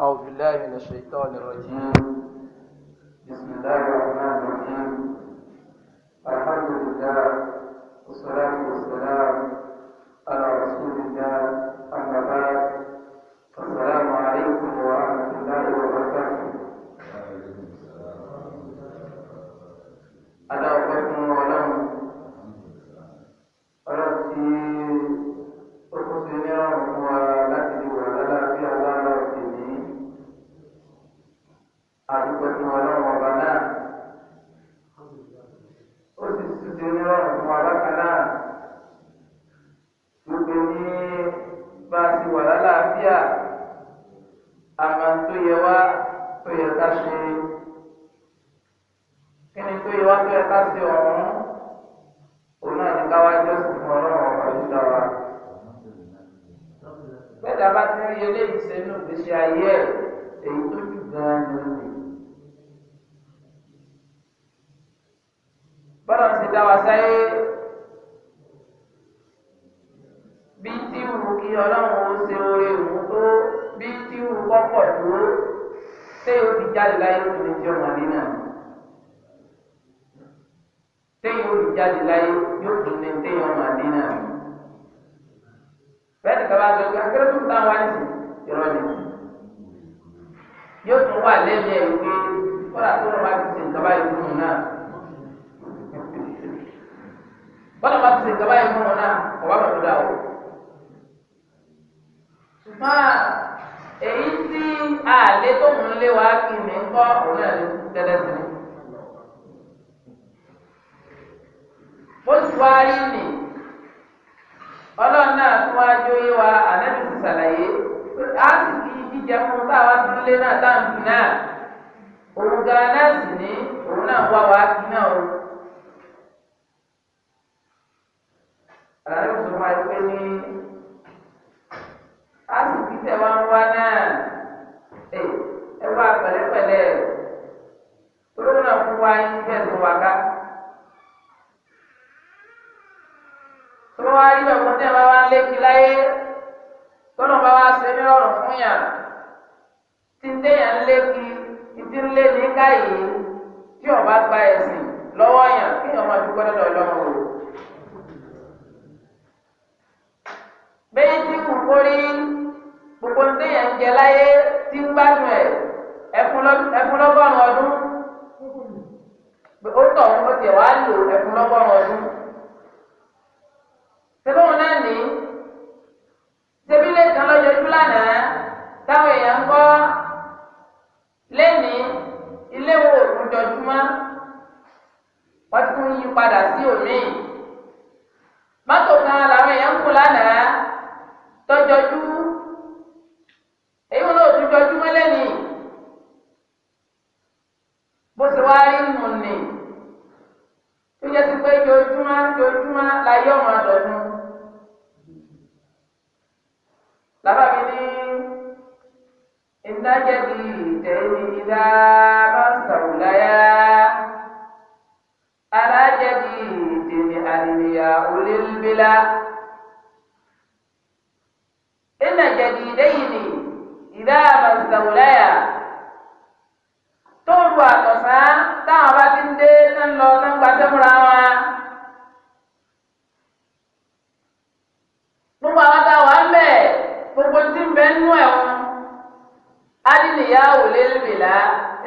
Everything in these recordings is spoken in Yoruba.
أعوذ بالله من الشيطان الرجيم بسم الله الرحمن الرحيم الحمد لله والصلاة والسلام ṣe kí ni pé wọ́n fẹ́ ká sí ọ̀hún òun náà ní káwá jọ́sìn fún ọlọ́run ọ̀rọ̀ yìí dára. bẹ́ẹ̀ bá ti rí eléyìí sẹ́nu ìgbésí ayé ẹ̀ èyí tó jù gan-an ni ó lè. bọ́lá ti dá wa sáyé bí tí wù kí ọlọ́run ó ṣe oore òun tó bí tí wù kọ́kọ̀ dúró ṣé yóò fi jáde láyé tó lè jẹ́ ọmọdé náà ṣé yóò fi jáde láyé yóò tún lè jẹ́ ọmọdé náà bẹ́ẹ̀ ni kaba sọ pé akérè tó ń tán wá sí ìrọ̀ ni yóò tún wà lẹ́yìn ẹ̀ pé kọ́lá tó lọ́wọ́ ti ṣe ìjọba ìfún un náà bọ́lá bá ti ṣe ìjọba ìfún un náà ọ̀wá mọ̀ dà o. lé wá kí mi ń kọ́ òun náà ló ti tẹ́lẹ̀ sí mi. bó ti wá rí nì ọlọ́run náà tún wá jó yé wa ànábì ti ṣàlàyé á sì fi jíjẹ fún táwa dúlé náà táǹkì náà òun gan náà sì ní òun náà wá wá kí náà o. ànábì tó máa ń pè ní á sì fi tẹ̀ wá ń wá náà wà pẹ̀lẹ́pẹ̀lẹ́ rẹ̀ olóńgbò náà fún wa yín fẹ̀sùn wà ká. tọ́wọ́ wá rí bẹ̀ fún tẹ́lẹ̀ wá lé kí láyé tọ́nà bá wá ṣe nírọ̀rùn fún yàn tí ń déyàn lé kí ìdí ń lé ní káyìí tí ọba gba ẹ̀sìn lọ́wọ́ yàn kí yàn máa dúpẹ́ lọ́dọ̀ ọlọ́run o. bẹ́ẹ̀ tí kò kórí gbogbo ń déyàn jẹ láyé tí ń gbádùn ẹ̀. ẹkún lọ́gọ́rùn ọdún ó tọ̀ ó tiẹ̀ wá lò ẹkún ọdún sẹ́fọ̀n náà ní sẹ́bílẹ̀ kan lọ́jọ́jú lánàá táwọn èèyàn kọ kọ́ ilé wo òkújọ́júmọ́ wọ́n ti tún yí padà sí òní kan bó ṣe wá rí nù ní tó yẹ sí pé jojúmọ́ jojúmọ́ láyé ọmọ àdọ̀dún lábà mi ní ìdájẹ́ di ìtẹ̀yìn ìdá bá sàrò láyà alájẹ́ di ìtẹ̀yìn àdìyà olélúbílà ìnàjẹ́ di ìdẹ́yìn ìdá bá sàrò láyà tóòrù àtọ̀sán táwọn bá ti ń dé tán lọ tán gbaṣẹ́ fúnra wọn. gbogbo àwọn tá a wà ń bẹ̀ gbogbo tí ń bẹ nú ẹ̀ wọn. adínìyá ò lè lùbìlà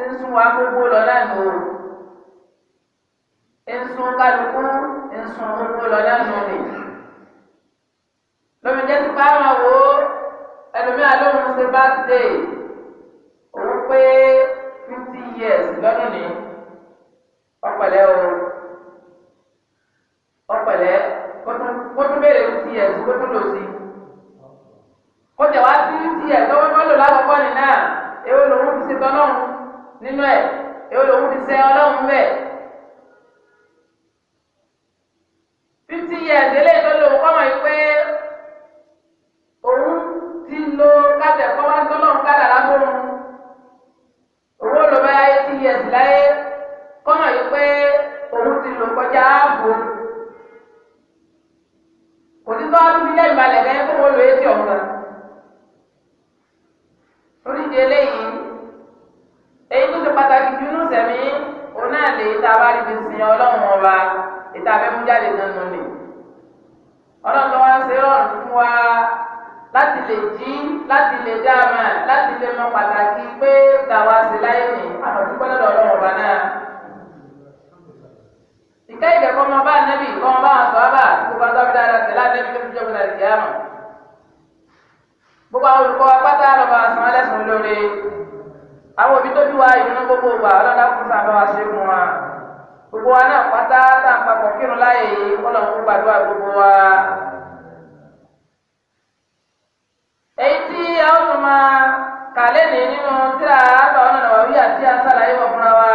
ń sún wa gbogbo lọ náà nù. ń sún kálukú ń sún gbogbo lọ náà nù ni. lómi jẹ́ sípà máa wò ó ẹlòmíràn lóhùn ṣe bá ti dé. di eléyìí èyí tó ṣe pàtàkì jù nù sẹ̀mí òun náà lè ta bá rí fi sin ọlọ́run ọba ìta abẹ́mú jáde nínú ni ọlọ́run tó wá ń ṣe rọrùn fún wa láti lè jí láti lè dá àmà láti lè mọ pàtàkì pé tàwa sí láyé ní àtọ̀túpẹ́ lọ́dọ̀ ọlọ́run ọba náà ìkẹ́ ìdẹ̀kọ́ ọmọ bá nẹ́bì kọ́ ọmọ bá wọn sọ ọ́ bá gbogbo àtọ́bí dáadáa tẹ̀lé àtẹ́bí tó fi jẹ́ gbọdọ̀ ìkẹ́ àmọ́ gbogbo àwọn olùkọ́ apáta lọ́ba àsán alẹ́sùn lóore àwọn òbí tó bí wa ìrúnú gbogbo ìgbà ọlọ́dà kún sábà wá sí fún wa gbogbo wa náà pátá tá à ń papọ̀ kírun láàyè yìí ọlọ́run kó gbàdúrà gbogbo wa. èyí tí a ó tún máa kà lẹ́nìí nínú tíra àtọ̀ ọ̀nà nàwàwí àti àṣàlàyé wọ̀ fúnra wa.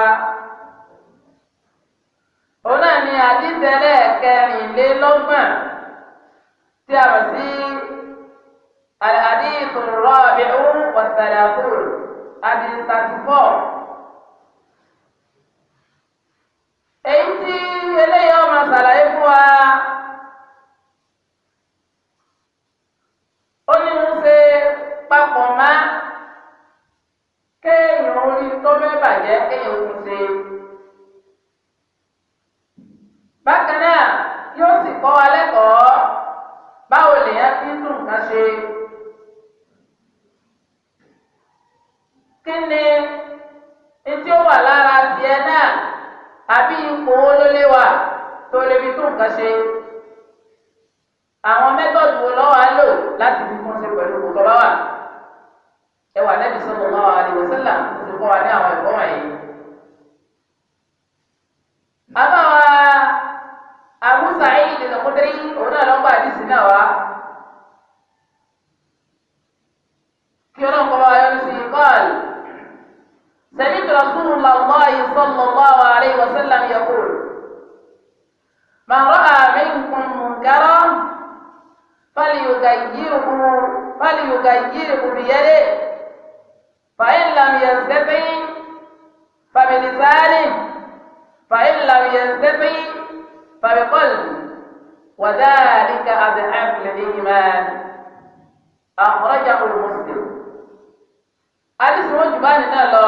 kùránì náà lọ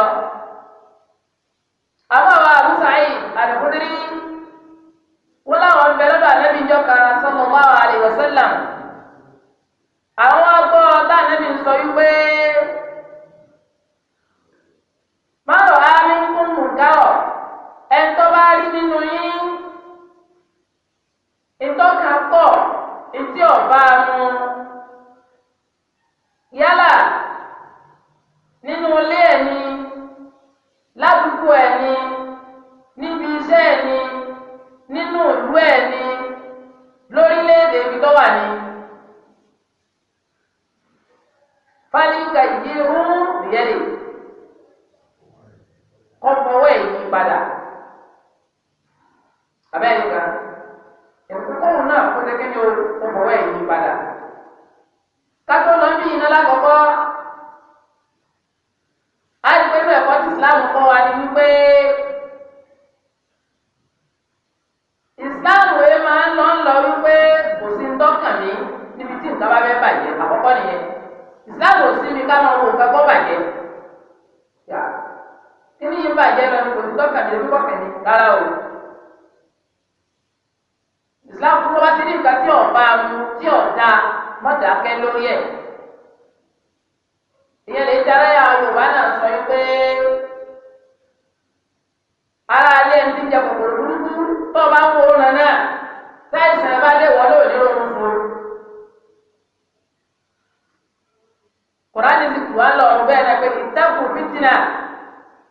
فتنة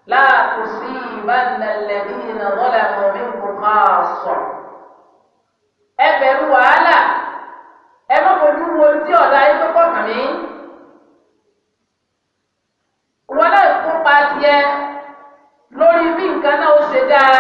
لا تصيبن الذين ظلموا منكم خاصة ẹ bẹ̀rù wàhálà ẹ má fojú wo tí ọ̀dà yín tó kọ̀ kàn mí. wọ́n náà lórí bí nǹkan náà ó ṣe dáa.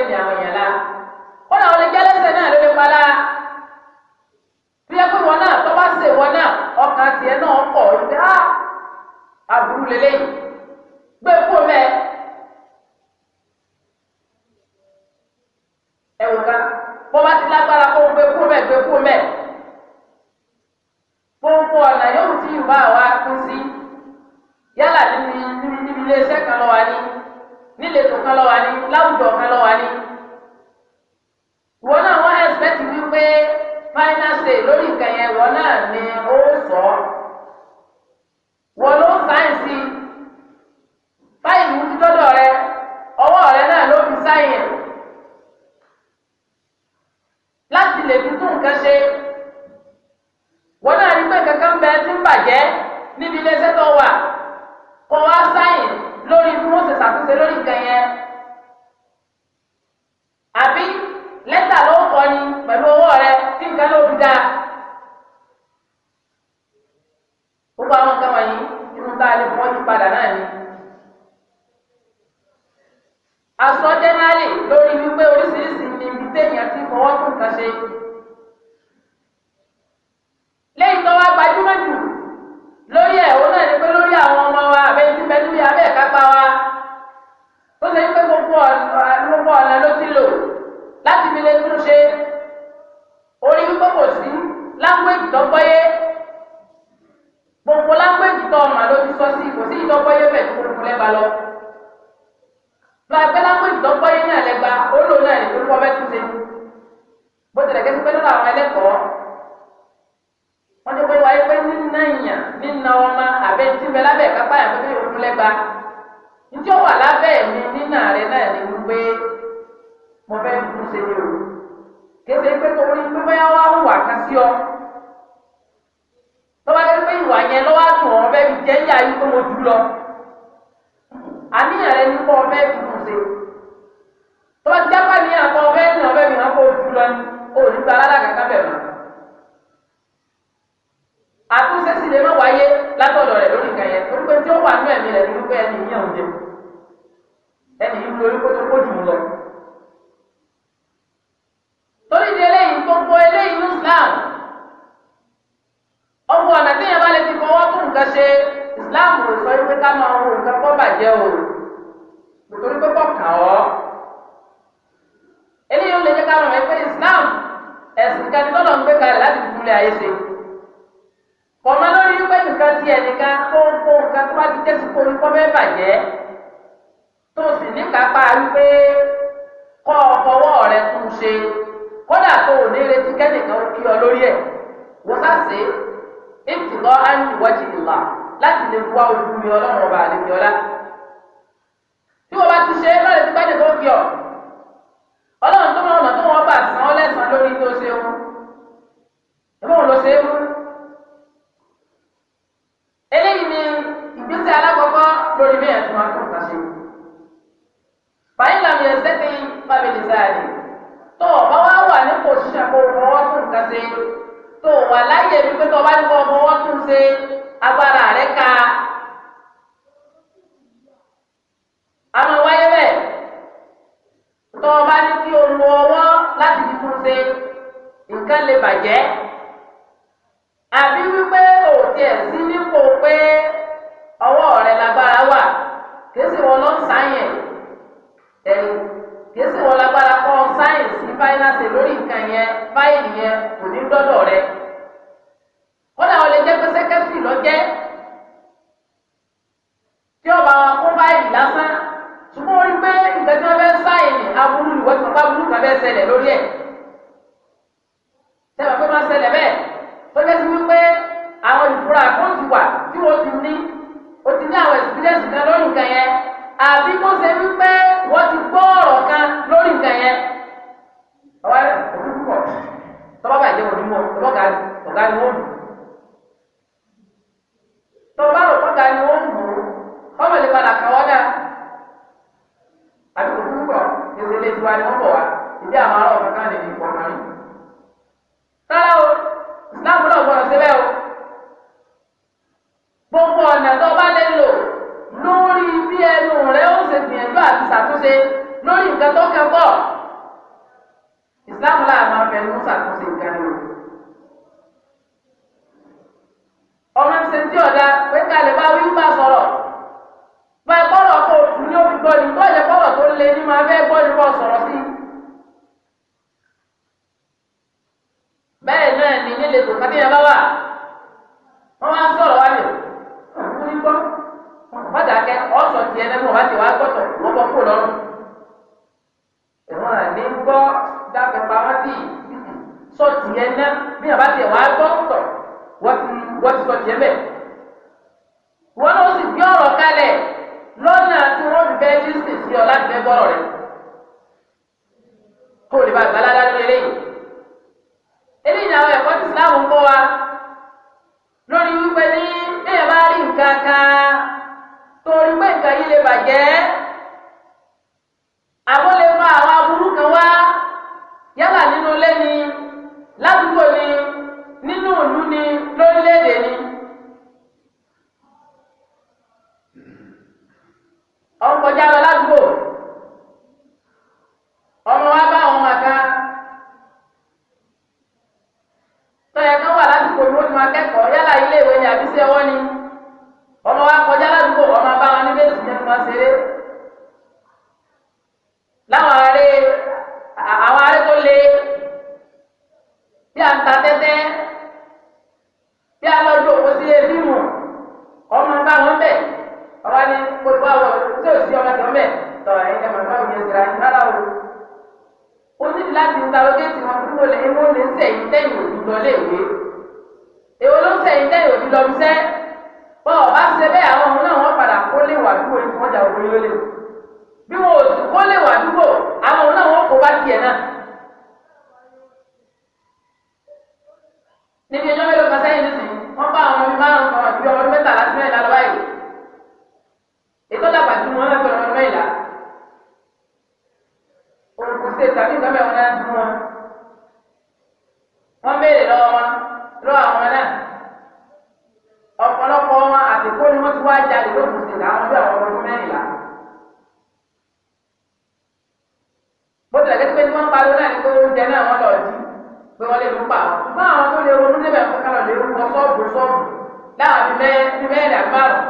ẹ̀mí àwọn èèyàn la ó náà wọlé jẹ́lẹ́sẹ̀ náà ló lè padà bí ẹ pé wọn náà tọ́ bá ṣe wọn náà ọkàn tiẹ̀ náà pọ̀ ọ́ àbúrú ah, lélẹ́yìn. 担心。tí lọ́gbọ́yé bẹ̀ tó kúrúkú lẹ́ba lọ. Gracias. fẹ́ ṣẹlẹ̀ lórí ẹ̀ lórí nǹkan tó kẹ́kọ̀ọ́ ìsìláàmù láà máa fẹ́ mú ṣàtúnṣe nǹkan ni ọmọ ṣe tí ọ̀dà pé kalẹ̀ bá wí bá sọ̀rọ̀ bá ẹ kọ́rọ̀ kó òtún ní òbí gbọ́ ni bó ẹ̀jẹ̀ kọ́rọ̀ tó lé ní máa fẹ́ gbọ́ ni bọ́ sọ̀rọ̀ sí i. bẹ́ẹ̀ náà ni nílé kò kábíyà bá wà wọ́n máa ń sọ̀rọ̀ wá mi òkú ní gbọ́ bàtà kẹ́ ọ̀sọ̀ tiẹ̀ lẹ́nu ọ̀bá ti wá gbọ́tọ̀ ọ̀bọ̀ kúrò lọ́rùn ní gbọ́ dákẹ́ pamọ́ sí i sọ tiẹ̀ ná bí yàrá tiẹ̀ wá gbọ́ tọ̀ wọ́n ti wọ́n ti sọ tiẹ̀ mẹ́. wọ́n lọ sì gbé ọ̀rọ̀ kalẹ̀ lọ́nà tí wọ́n fi bẹ́ẹ̀ jí sì sí ọ láti fẹ́ gbọ́rọ̀ rẹ̀ kó o lè bá gbalada ní eléyìí. eléyìí ni àwọn ẹ̀kọ́ ti Islam ń kọ́ wa lórí wípé ní bí yàrá rí nǹkan kan torí pé nǹkan yìí lè bàjẹ́. má yẹn sira yín rárá o ó sì ti láti interrogate wọn kúrò lẹ ewo lè ń sẹyìn tẹyìn òbí lọ léèwé èwo ló ń sẹyìn tẹyìn òbí lọ bisẹ bọ ọba ṣe bẹ́ẹ̀ àwọn ọmọ náà wọn padà kó lè wà dúró ní ọjà òbí lólè bí wọn ò sì kó lè wà dúró àwọn ọmọ náà wọn kó bá tiẹ̀ náà. pariwo náà ní pé oúnjẹ náà wọ́n lọ jí pé wọ́n lè mú pa àwọn ṣùgbọ́n àwọn tó lè ronú débẹ̀ fún kálọ̀ lè rúkọ sọ́ọ̀bù sọ́ọ̀bù láwọn fi mẹ́ fi mẹ́rin àgbàrọ̀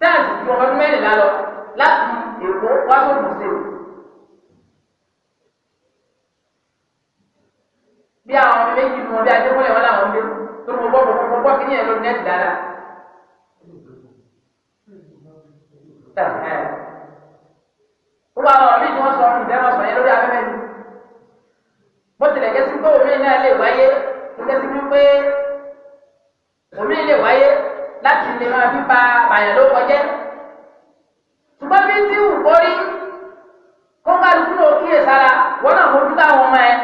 táàsì ju ọdún mẹ́rin lálọ láti èkó wá tó lù sí bí àwọn ọmọ méjì mú wọn bí adékúnlẹ̀ wọn làwọn gbé tó mọ bọ́ mọ bọ́ kí ni ẹ̀ ló nẹ́ẹ̀tì dáadáa ó bá lọ́rọ̀ bíi tí wọ́n sọ ọ́n ìfẹ́ wọn sọ yẹn lórí afẹ́fẹ́ ni bó tilẹ̀ jẹ́ sí pé omi náà lè wáyé tó jẹ́ sí pé omi lè wáyé láti lè máa fi ba bàyàn ló kọjá ṣùgbọ́n bí tí wù kórí kó ń bá lùkúrò kíyèsára wọ́n náà mójútó àwọn ọmọ ẹ̀.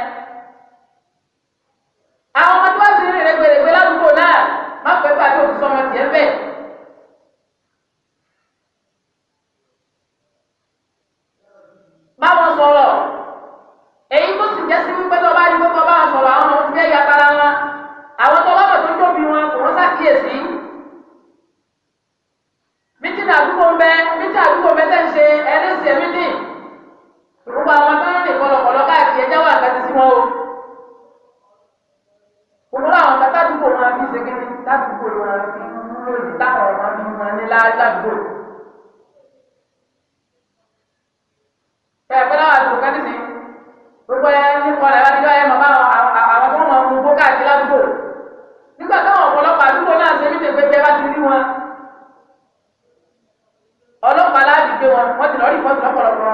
wọn wọ́n ti lọ rí ìfọ́sí lọ́pọ̀lọpọ̀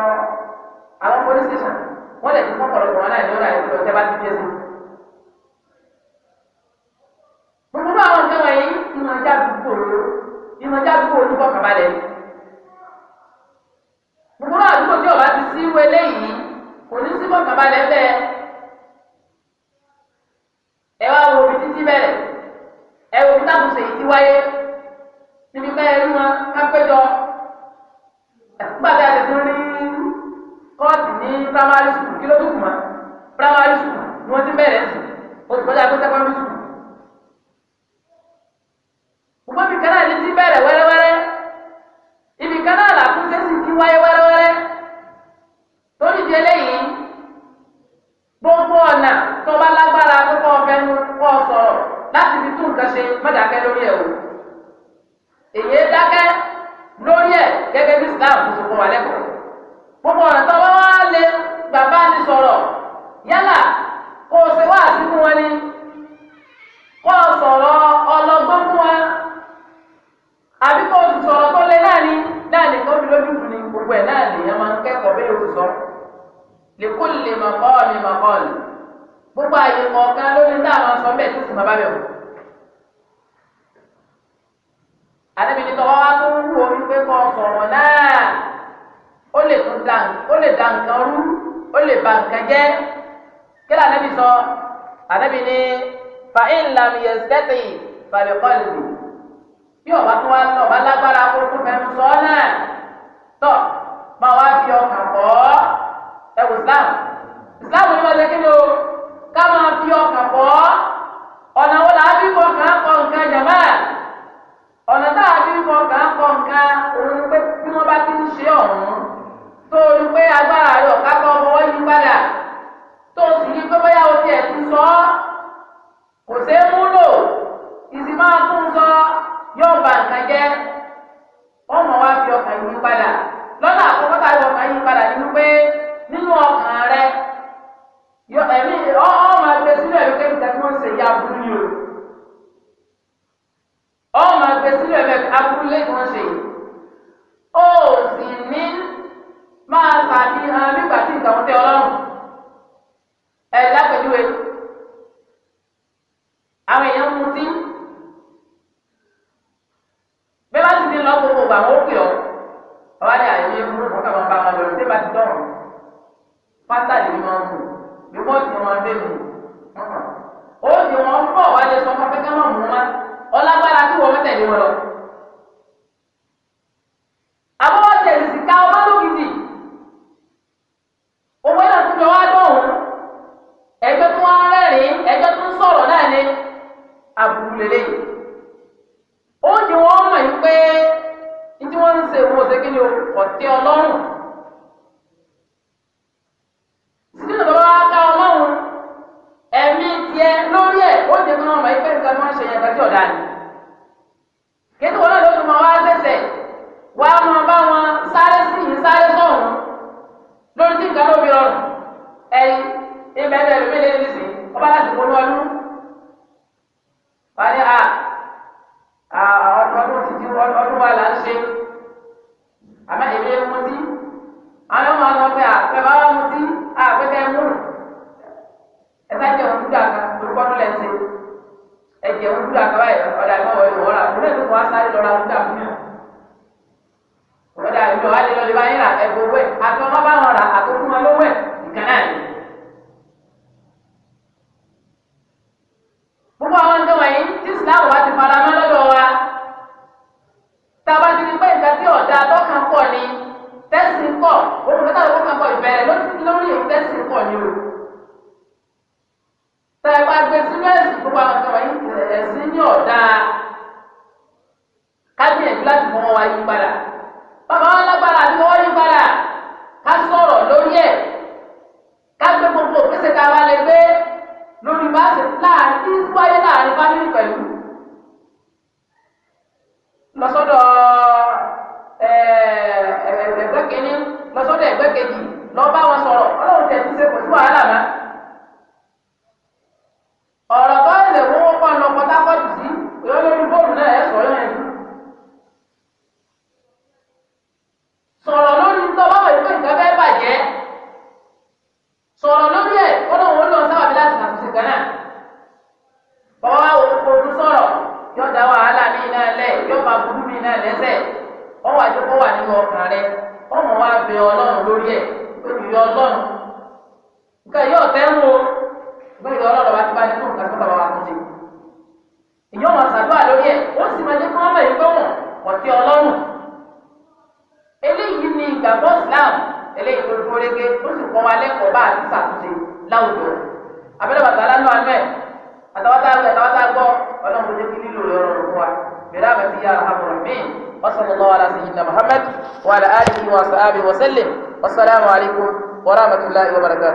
àwọn police station wọ́n lè ti fọ́pọ̀lọpọ̀ wọn láì lọ́ra ìfọ́sí ọ̀tẹ́ bá ti dé sí lam yẹsẹtì fàlẹkọlì bí ọba tó wá ń tọ ọba lágbára kókó mẹnu sọ ọ náà tọ máa wá fi ọkàn kọ ẹ wò islam islam ni wọn ṣe kí ló ká máa fi ọkàn kọ ọ̀nà wo làá fi ọkàn kọ nǹkan jàmbá ọ̀nà tá a fi ọkàn kọ nǹkan òun pé bí wọ́n bá ti ń ṣe ọ̀hún tó o rí pé agbára rẹ̀ ọ̀ká kọ́ ọmọ wọ́n yí padà tó o sì rí pé bóyá o tiẹ̀ ti sọ ọ́. kò mụrụ múlò ìsì máa tún sọ yóò bà nǹkan fi ọkàn yìí padà lọ́nà àkọ́kọ́ tá a yọ ọkàn yìí padà nínú pé nínú ọkàn rẹ ẹ̀mí ọ́ ọ́ sílẹ̀ wípé nígbà tí wọ́n ń ṣe ìyá o sílẹ̀ So وسلم والسلام عليكم ورحمة الله وبركاته